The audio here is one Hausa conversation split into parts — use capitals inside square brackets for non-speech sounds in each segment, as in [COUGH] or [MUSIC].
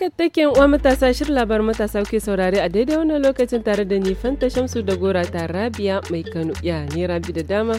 Kattaken uwa matasa shirin labar matasa kuke saurare a daidai wannan lokacin tare da ni Fanta Shamsu da Gora ta Rabia mai Kano. Ya ni Rabi da dama?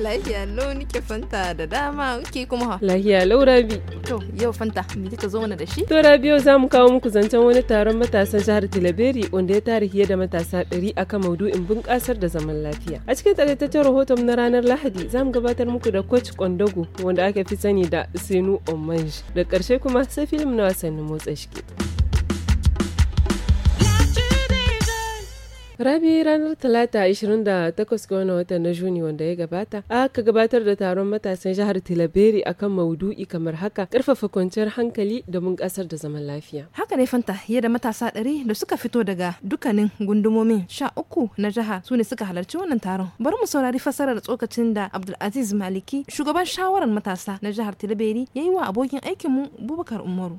Lahiya lau nike Fanta da dama ke kuma ha. Lahiya lau Rabi. To yau Fanta me kika zo mana da shi? To Rabi yau zamu kawo muku zancen wani taron matasan jihar Tilaberi wanda ya tarihi da matasa ɗari a akan maudu'in bunƙasar da zaman lafiya. A cikin takaitaccen rahoton na ranar Lahadi zamu gabatar muku da Coach Kondogo wanda aka fi sani da sinu Omanji. Da ƙarshe kuma sai filim na wasannin motsa shi. Rabi ranar Talata 28 ga watan na Juni wanda ya gabata, aka gabatar da taron matasan jihar Tilaberi akan maudu'i kamar haka, karfafa kwanciyar hankali da mun ƙasar da zaman lafiya. Haka ne fanta, da matasa ɗari da suka fito daga dukkanin gundumomin sha uku na jiha su ne suka halarci wannan taron. Bari mu saurari fasarar tsokacin da Abdulaziz Maliki, shugaban shawarar matasa na jihar Tilaberi, ya yi wa abokin aikinmu Bubakar Umaru.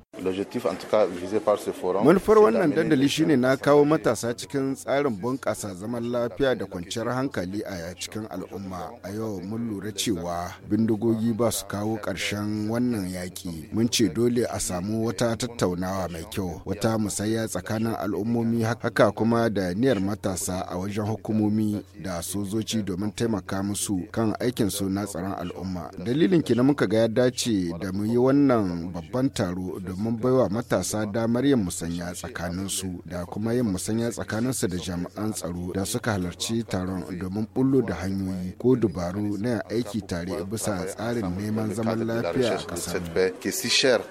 Manufar wannan dandali shine na kawo matasa cikin tsarin bunƙasa zaman lafiya da kwanciyar hankali a cikin al'umma a yau mun lura cewa bindigogi ba su kawo ƙarshen wannan yaƙi mun ce dole a samu wata tattaunawa mai kyau wata musayya tsakanin al'ummomi haka kuma da niyyar matasa a wajen hukumomi da sojoji domin taimaka musu kan aikin su na tsaron al'umma dalilin na muka ga ya dace da mu yi wannan babban taro domin baiwa matasa damar yin musanya tsakanin su da kuma yin musanya tsakaninsu da jama'a jami'an tsaro da suka halarci taron domin bullo da hanyoyi ko dubaru na aiki tare bisa tsarin neman zaman lafiya a ƙasar.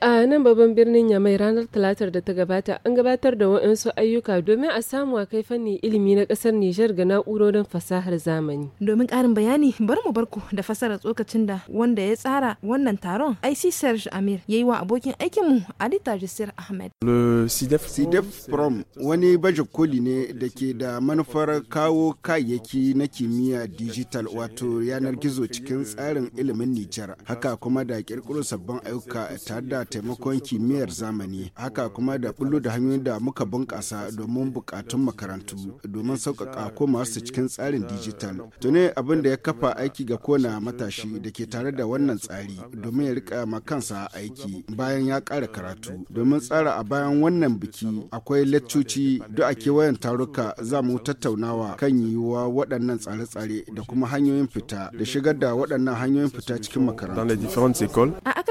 a nan babban birnin Yamai ranar Talatar da ta gabata an gabatar da waɗansu ayyuka domin a samu a kai fanni ilimi na ƙasar Nijar ga na'urorin fasahar zamani. Domin ƙarin bayani bar mu barku da fasarar tsokacin da wanda ya tsara wannan taron IC Serge Amir ya yi wa abokin aikinmu Ali Tajisir Ahmed. CDF Prom wani baje koli jadawali ne da ke da manufar kawo kayayyaki na kimiyya digital wato yanar gizo cikin tsarin ilimin Nijar. Haka kuma da kirkiro sabbin ayyuka tare da taimakon kimiyyar zamani. Haka kuma da bullo da hanyoyin da muka bunƙasa domin bukatun makarantu domin sauƙaƙa masu cikin tsarin digital. tuni abin da ya kafa aiki ga kona matashi da ke tare da wannan tsari domin ya rika ma kansa aiki bayan ya ƙara karatu. Domin tsara a bayan wannan biki akwai leccoci duk ake. wayan taruka za mu tattaunawa kan yiwuwa waɗannan tsare-tsare da kuma hanyoyin fita da shigar da waɗannan hanyoyin fita cikin makarantu.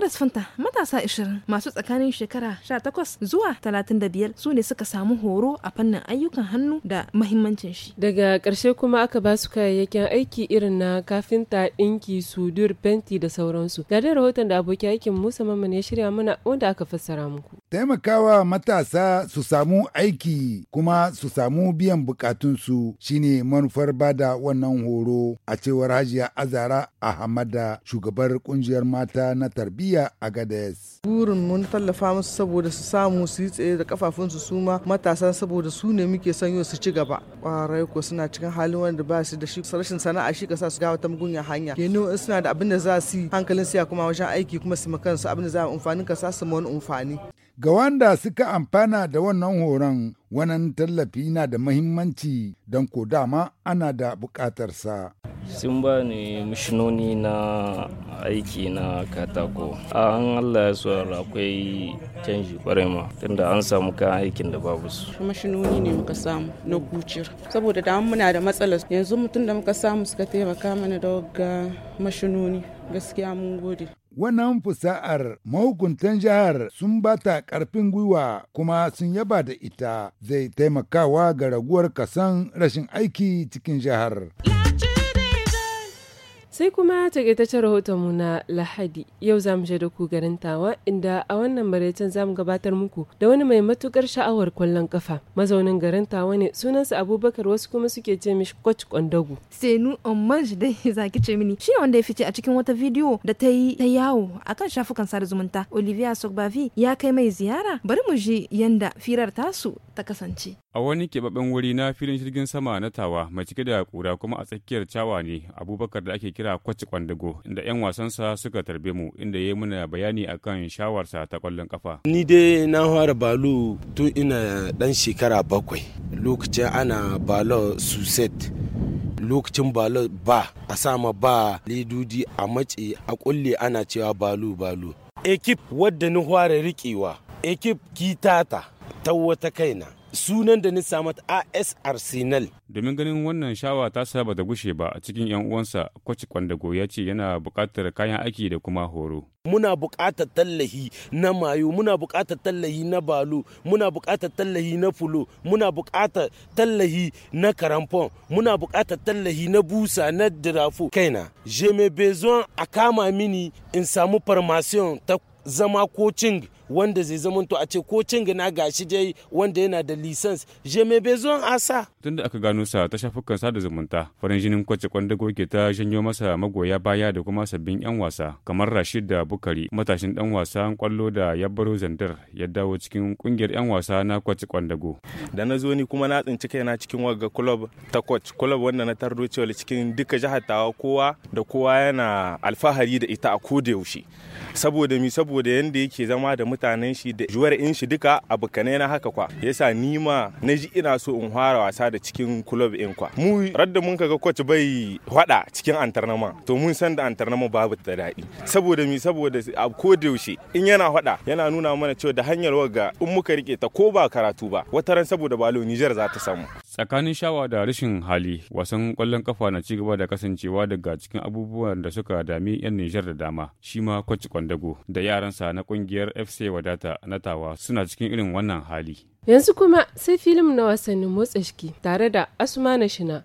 Agnes Fanta matasa 20 masu tsakanin shekara 18 zuwa 35 su ne suka samu horo a fannin ayyukan hannu da mahimmancin shi. Daga karshe kuma aka ba su kayayyakin aiki irin na kafinta, ɗinki, sudur, fenti da sauransu. Ga dai rahoton da abokin aikin Musa Mamman ya shirya mana wanda aka fassara muku. Taimakawa matasa su samu aiki kuma su samu biyan bukatunsu shine manufar bada wannan horo a cewar Hajiya Azara hamada shugabar kungiyar mata na tarbiyya a gades. Burin mun tallafa musu saboda su samu su yi tsaye da kafafunsu su ma matasan saboda su ne muke son yau su ci gaba. Kwarai ko suna cikin halin wanda ba su da shi rashin sana'a shi ka sa su ga wata mugunya hanya. Kenan suna da abin da za su yi hankalin su kuma wajen aiki kuma su kansu abin da za a amfani ka sa su wani amfani. Ga wanda suka amfana da wannan horon, wannan tallafi na da mahimmanci don ko dama ana da bukatarsa. sun ne ni mishinoni na aiki na katako an allah ya tsoron akwai canji kwarai ma tunda an samu kan aikin da babu su mashinoni ne muka samu na kucir saboda da muna da matsala yanzu mutum da muka samu suka taimaka mana da ga mashinoni gaskiya mun gode wannan fusa'ar mahukuntan jihar sun ba ta karfin gwiwa kuma sun yaba da ita zai taimakawa ga raguwar kasan rashin aiki cikin jihar. Sai kuma takaitaccen mu na Lahadi yau za mu da ku garin Tawa inda a wannan maraicin za mu gabatar muku da wani mai matukar sha'awar kwallon kafa. Mazaunin garin Tawa ne sunansa Abubakar wasu kuma suke ce mishi Coach Kondagu. Senu Omanj um, dai [LAUGHS] zaki ce mini shi wanda ya fice a cikin wata bidiyo da ta yi ta yawo akan shafukan sada zumunta. Olivia Sogbavi ya kai mai ziyara bari mu ji yanda firar tasu ta kasance. A wani keɓaɓɓen wuri na filin jirgin sama na tawa mai cike da kura kuma a tsakiyar cawa ne abubakar da ake kira kwaci kwandago inda 'yan wasansa suka tarbe mu inda ya muna bayani akan shawarsa ta kwallon kafa. Ni dai na fara balo tun ina ɗan shekara bakwai lokacin ana balo suset lokacin balo ba a sama ba ledudi a matse a kulle ana cewa balo balo ekip wadda ni fara riƙewa ekip kitata ta wata kaina sunan da nisa mata AS Arsenal. Domin ganin wannan shawa ta saba da gushe ba a cikin 'yan uwansa kwaci kwandago ya ce yana buƙatar kayan aiki da kuma horo. Muna buƙatar tallahi na mayo, muna buƙatar tallahi na balo, muna buƙatar tallahi na fulo, muna buƙatar tallahi na karamfon, muna buƙatar tallahi na busa na dirafo. Kaina, je me bezon a kama mini in samu farmasiyon ta zama coaching wanda zai zamanto a ce ko cin gina gashi dai wanda yana da lisans je mai bezon asa tunda aka gano sa ta shafukan sada zumunta farin jinin kwace kwandago ke ta janyo masa magoya baya da kuma sabbin yan wasa kamar rashid da bukari matashin dan wasan kwallo da ya baro zandar ya dawo cikin kungiyar yan wasa na kwace kwandago da na zo ni kuma na tsinci kaina cikin waga club ta kwac club wanda na tardo cewa cikin duka jihar tawa kowa da kowa yana alfahari da ita a koda yaushe saboda mi saboda yanda yake zama da mutane mutanen shi da juwar in shi duka abokanai na haka kwa yasa ni ma na ji ina so in fara wasa da cikin club in kwa mu radda mun kaga coach bai hada cikin antarnama to mun san da antarnama babu da daɗi saboda mi saboda a ko da yaushe in yana hada yana nuna mana cewa da hanyar waga in muka rike ta ko ba karatu ba wataran saboda balo Niger za ta samu Tsakanin shawa da rashin hali, wasan kwallon kafa na ci gaba da kasancewa daga cikin abubuwan da suka dami 'yan Nijar da dama, shi ma Kwaci Kwandago da yaransa na kungiyar FC Wadata na Tawa suna cikin irin wannan hali. Yanzu kuma sai filim na wasannin motsa shiki tare da Asuma na Shina.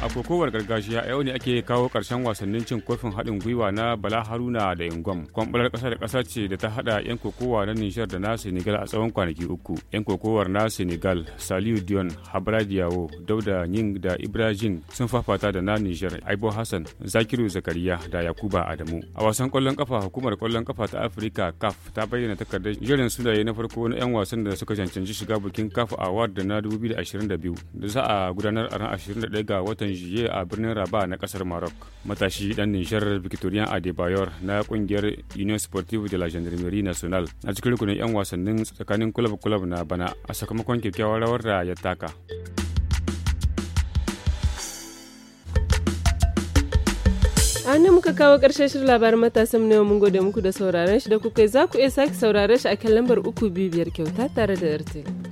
a kokowar gargajiya a yau ne ake kawo karshen wasannin cin kofin haɗin gwiwa na bala haruna da ingom kwamɓalar ƙasa da ƙasa ce da ta haɗa 'yan kokowa na nijar da na senegal a tsawon kwanaki uku 'yan kokowar na senegal saliu dion habra diawo dauda ying da ibrahim sun fafata da na nijar aibo hassan zakiru zakariya da yakuba adamu a wasan ƙwallon kafa hukumar kwallon ƙafa ta afirika caf ta bayyana takardar jerin sunaye na farko na 'yan wasan da suka cancanci shiga bikin caf award da na 2022 da za a gudanar a ran 21 ga watan watan a birnin Rabat na kasar Maroc. Matashi dan Nijar Victorien Adebayor na kungiyar Union Sportive de la Gendarmerie Nationale na cikin rukunin 'yan wasannin tsakanin kulab-kulab na bana a sakamakon kyakkyawar rawar da ya taka. a an muka kawo ƙarshen shirin labarin matasan na mun gode muku da sauraron shi da kuka za ku iya sake sauraron shi a kan lambar uku biyu biyar kyauta tare da airtel